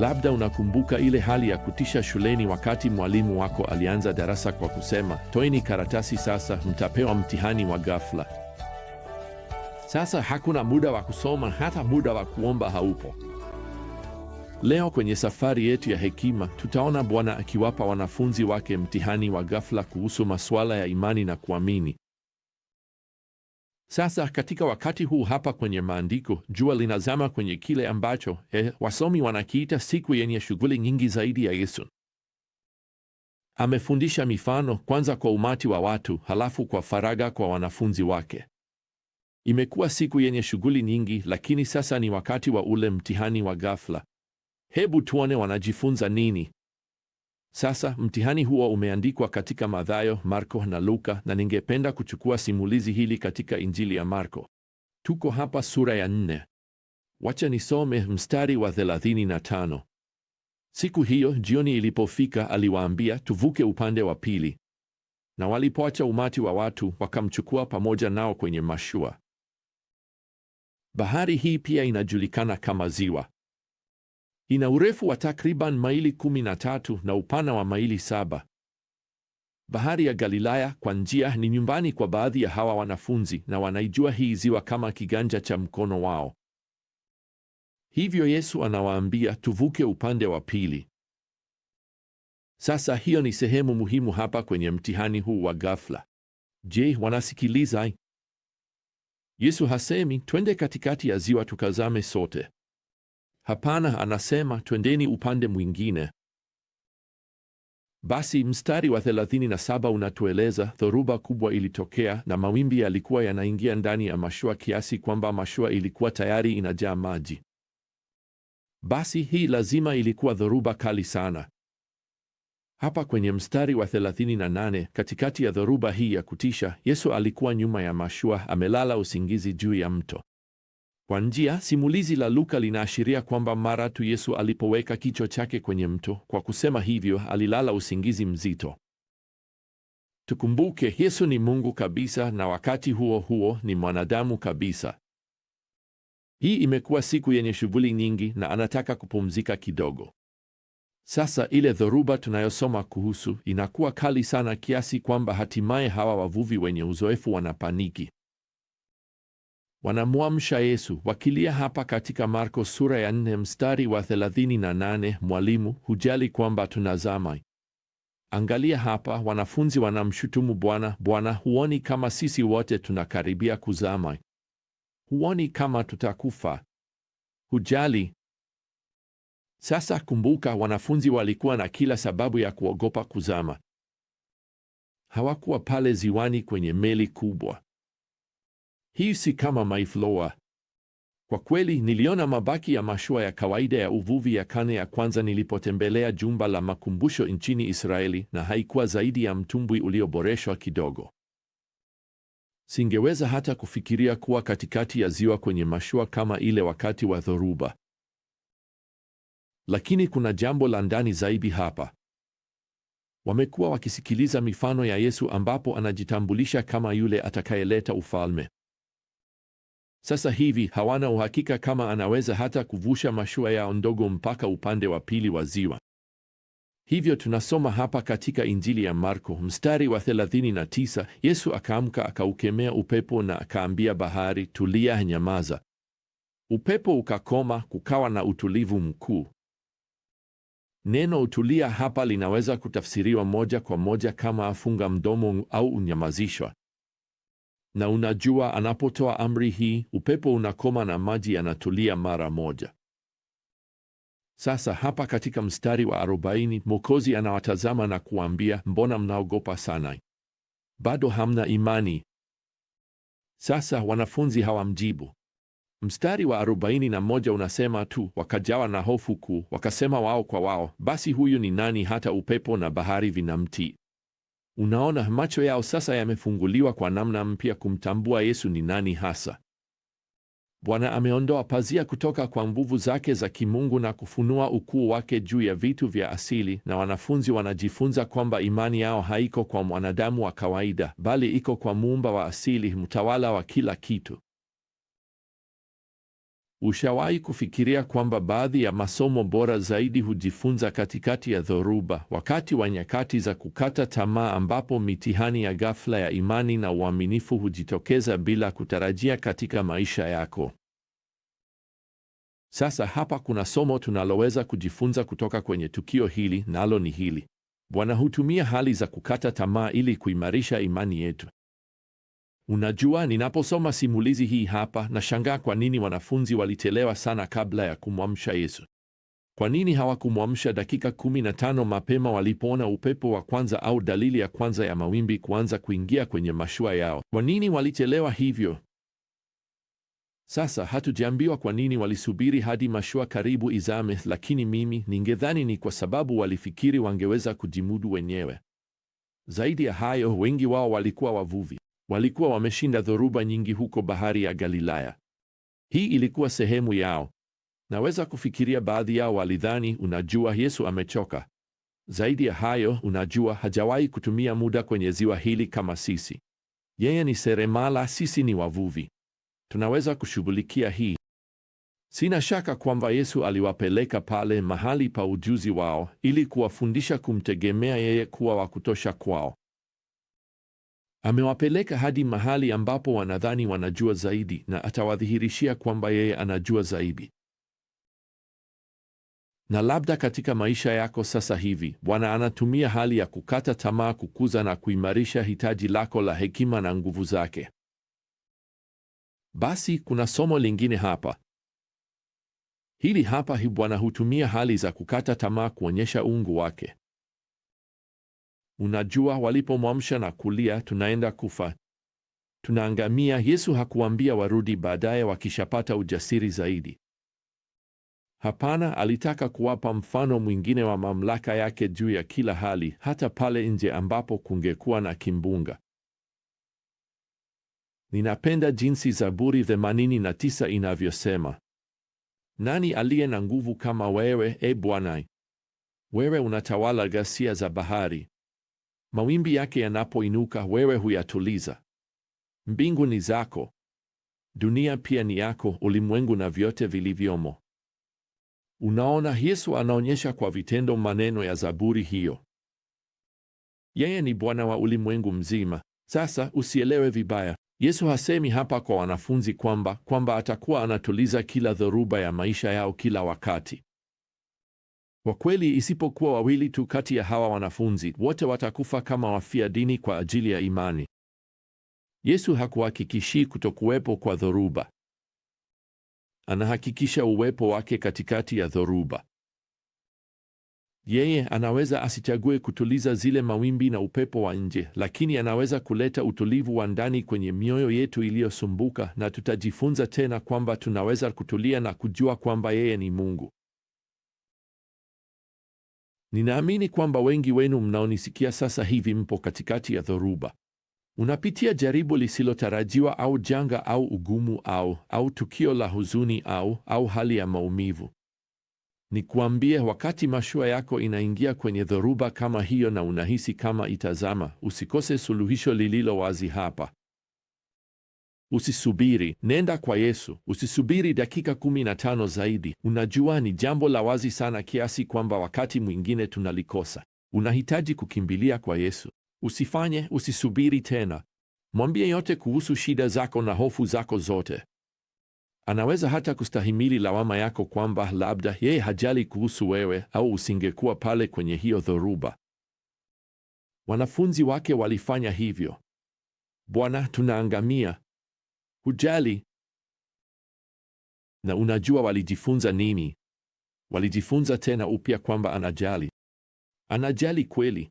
Labda unakumbuka ile hali ya kutisha shuleni wakati mwalimu wako alianza darasa kwa kusema, toeni karatasi sasa, mtapewa mtihani wa ghafla. Sasa hakuna muda wa kusoma, hata muda wa kuomba haupo. Leo kwenye safari yetu ya hekima, tutaona Bwana akiwapa wanafunzi wake mtihani wa ghafla kuhusu masuala ya imani na kuamini. Sasa katika wakati huu hapa kwenye maandiko, jua linazama kwenye kile ambacho eh, wasomi wanakiita siku yenye shughuli nyingi zaidi ya Yesu. Amefundisha mifano kwanza kwa umati wa watu, halafu kwa faraga kwa wanafunzi wake. Imekuwa siku yenye shughuli nyingi, lakini sasa ni wakati wa ule mtihani wa ghafla. Hebu tuone wanajifunza nini. Sasa mtihani huo umeandikwa katika Mathayo, Marko na Luka, na ningependa kuchukua simulizi hili katika Injili ya Marko. Tuko hapa sura ya nne. Wacha nisome mstari wa 35. Siku hiyo jioni ilipofika, aliwaambia tuvuke upande wa pili, na walipoacha umati wa watu wakamchukua pamoja nao kwenye mashua. Bahari hii pia inajulikana kama ziwa. Ina urefu wa takriban maili 13 na upana wa maili saba. Bahari ya Galilaya kwa njia ni nyumbani kwa baadhi ya hawa wanafunzi na wanaijua hii ziwa kama kiganja cha mkono wao. Hivyo Yesu anawaambia tuvuke upande wa pili. Sasa hiyo ni sehemu muhimu hapa kwenye mtihani huu wa ghafla. Je, wanasikiliza? Yesu hasemi twende katikati ya ziwa tukazame sote. Hapana, anasema twendeni upande mwingine. Basi mstari wa 37 unatueleza dhoruba kubwa ilitokea na mawimbi yalikuwa yanaingia ndani ya mashua kiasi kwamba mashua ilikuwa tayari inajaa maji. Basi hii lazima ilikuwa dhoruba kali sana. Hapa kwenye mstari wa 38, katikati ya dhoruba hii ya kutisha, Yesu alikuwa nyuma ya mashua amelala usingizi juu ya mto. Kwa njia, simulizi la Luka linaashiria kwamba mara tu Yesu alipoweka kichwa chake kwenye mto, kwa kusema hivyo, alilala usingizi mzito. Tukumbuke, Yesu ni Mungu kabisa na wakati huo huo ni mwanadamu kabisa. Hii imekuwa siku yenye shughuli nyingi na anataka kupumzika kidogo. Sasa ile dhoruba tunayosoma kuhusu inakuwa kali sana kiasi kwamba hatimaye hawa wavuvi wenye uzoefu wanapaniki wanamwamsha Yesu wakilia hapa katika Marko sura ya 4 mstari wa 38, mwalimu, hujali kwamba tunazama? Angalia hapa, wanafunzi wanamshutumu Bwana, Bwana, huoni kama sisi wote tunakaribia kuzama? Huoni kama tutakufa? Hujali? Sasa kumbuka, wanafunzi walikuwa na kila sababu ya kuogopa kuzama. Hawakuwa pale ziwani kwenye meli kubwa. Hii si kama Maifloa. Kwa kweli niliona mabaki ya mashua ya kawaida ya uvuvi ya kane ya kwanza nilipotembelea jumba la makumbusho nchini Israeli, na haikuwa zaidi ya mtumbwi ulioboreshwa kidogo. Singeweza hata kufikiria kuwa katikati ya ziwa kwenye mashua kama ile wakati wa dhoruba. Lakini kuna jambo la ndani zaidi hapa. Wamekuwa wakisikiliza mifano ya Yesu ambapo anajitambulisha kama yule atakayeleta ufalme. Sasa hivi hawana uhakika kama anaweza hata kuvusha mashua yao ndogo mpaka upande wa pili wa ziwa. Hivyo tunasoma hapa katika Injili ya Marko mstari wa 39, Yesu akaamka akaukemea upepo na akaambia bahari, tulia, nyamaza. Upepo ukakoma, kukawa na utulivu mkuu. Neno utulia hapa linaweza kutafsiriwa moja kwa moja kama afunga mdomo au unyamazishwa. Na unajua, anapotoa amri hii, upepo unakoma na maji yanatulia mara moja. Sasa hapa katika mstari wa arobaini Mwokozi anawatazama na kuambia, mbona mnaogopa sana? Bado hamna imani? Sasa wanafunzi hawamjibu. Mstari wa arobaini na moja unasema tu, wakajawa na hofu kuu, wakasema wao kwa wao, basi huyu ni nani hata upepo na bahari vinamtii? Unaona, macho yao sasa yamefunguliwa kwa namna mpya kumtambua Yesu ni nani hasa. Bwana ameondoa pazia kutoka kwa nguvu zake za kimungu na kufunua ukuu wake juu ya vitu vya asili, na wanafunzi wanajifunza kwamba imani yao haiko kwa mwanadamu wa kawaida, bali iko kwa muumba wa asili, mtawala wa kila kitu. Ushawahi kufikiria kwamba baadhi ya masomo bora zaidi hujifunza katikati ya dhoruba, wakati wa nyakati za kukata tamaa, ambapo mitihani ya ghafla ya imani na uaminifu hujitokeza bila kutarajia katika maisha yako? Sasa hapa kuna somo tunaloweza kujifunza kutoka kwenye tukio hili, nalo ni hili: Bwana hutumia hali za kukata tamaa ili kuimarisha imani yetu. Unajua, ninaposoma simulizi hii hapa nashangaa kwa nini wanafunzi walichelewa sana kabla ya kumwamsha Yesu. Kwa nini hawakumwamsha dakika 15 mapema walipoona upepo wa kwanza au dalili ya kwanza ya mawimbi kuanza kuingia kwenye mashua yao? Kwa nini walichelewa hivyo? Sasa hatujaambiwa kwa nini walisubiri hadi mashua karibu izame, lakini mimi ningedhani ni kwa sababu walifikiri wangeweza kujimudu wenyewe. Zaidi ya hayo, wengi wao walikuwa wavuvi. Walikuwa wameshinda dhoruba nyingi huko bahari ya Galilaya. Hii ilikuwa sehemu yao. Naweza kufikiria baadhi yao walidhani, unajua, Yesu amechoka. Zaidi ya hayo, unajua, hajawahi kutumia muda kwenye ziwa hili kama sisi. Yeye ni seremala, sisi ni wavuvi, tunaweza kushughulikia hii. Sina shaka kwamba Yesu aliwapeleka pale mahali pa ujuzi wao ili kuwafundisha kumtegemea yeye kuwa wa kutosha kwao. Amewapeleka hadi mahali ambapo wanadhani wanajua zaidi, na atawadhihirishia kwamba yeye anajua zaidi. Na labda katika maisha yako sasa hivi, Bwana anatumia hali ya kukata tamaa kukuza na kuimarisha hitaji lako la hekima na nguvu zake. Basi kuna somo lingine hapa. Hili hapa hi Bwana hutumia hali za kukata tamaa kuonyesha uungu wake. Unajua, walipomwamsha na kulia, tunaenda kufa, tunaangamia, Yesu hakuambia warudi baadaye wakishapata ujasiri zaidi. Hapana, alitaka kuwapa mfano mwingine wa mamlaka yake juu ya kila hali, hata pale nje ambapo kungekuwa na kimbunga. Ninapenda jinsi Zaburi 89 inavyosema, nani aliye na nguvu kama wewe, e Bwana? Wewe unatawala ghasia za bahari, Mawimbi yake yanapoinuka, wewe huyatuliza. Mbingu ni zako, dunia pia ni yako, ulimwengu na vyote vilivyomo. Unaona, Yesu anaonyesha kwa vitendo maneno ya Zaburi hiyo. Yeye ni Bwana wa ulimwengu mzima. Sasa usielewe vibaya, Yesu hasemi hapa kwa wanafunzi kwamba kwamba atakuwa anatuliza kila dhoruba ya maisha yao kila wakati. Kwa kweli, isipokuwa wawili tu kati ya hawa wanafunzi, wote watakufa kama wafia dini kwa ajili ya imani. Yesu hakuhakikishi kutokuwepo kwa dhoruba. Anahakikisha uwepo wake katikati ya dhoruba. Yeye anaweza asichague kutuliza zile mawimbi na upepo wa nje, lakini anaweza kuleta utulivu wa ndani kwenye mioyo yetu iliyosumbuka, na tutajifunza tena kwamba tunaweza kutulia na kujua kwamba yeye ni Mungu. Ninaamini kwamba wengi wenu mnaonisikia sasa hivi mpo katikati ya dhoruba. Unapitia jaribu lisilotarajiwa au janga au ugumu au au tukio la huzuni au au hali ya maumivu. Nikuambie, wakati mashua yako inaingia kwenye dhoruba kama hiyo na unahisi kama itazama, usikose suluhisho lililo wazi hapa. Usisubiri, nenda kwa Yesu. Usisubiri dakika kumi na tano zaidi. Unajua, ni jambo la wazi sana kiasi kwamba wakati mwingine tunalikosa. Unahitaji kukimbilia kwa Yesu. Usifanye, usisubiri tena. Mwambie yote kuhusu shida zako na hofu zako zote. Anaweza hata kustahimili lawama yako kwamba labda yeye hajali kuhusu wewe au usingekuwa pale kwenye hiyo dhoruba. Wanafunzi wake walifanya hivyo. Bwana, tunaangamia hujali. Na unajua walijifunza nini? Walijifunza tena upya kwamba anajali, anajali kweli.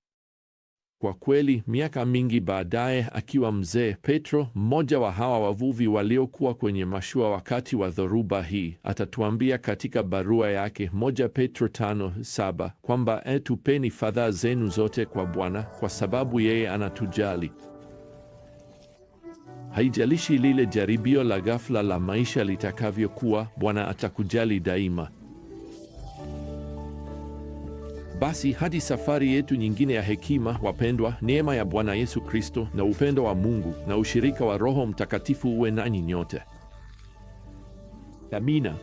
Kwa kweli, miaka mingi baadaye, akiwa mzee, Petro, mmoja wa hawa wavuvi waliokuwa kwenye mashua wakati wa dhoruba hii, atatuambia katika barua yake moja Petro tano saba kwamba etupeni fadhaa zenu zote kwa Bwana, kwa sababu yeye anatujali. Haijalishi lile jaribio la ghafla la maisha litakavyokuwa, Bwana atakujali daima. Basi hadi safari yetu nyingine ya hekima, wapendwa, neema ya Bwana Yesu Kristo na upendo wa Mungu na ushirika wa Roho Mtakatifu uwe nanyi nyote. Amina.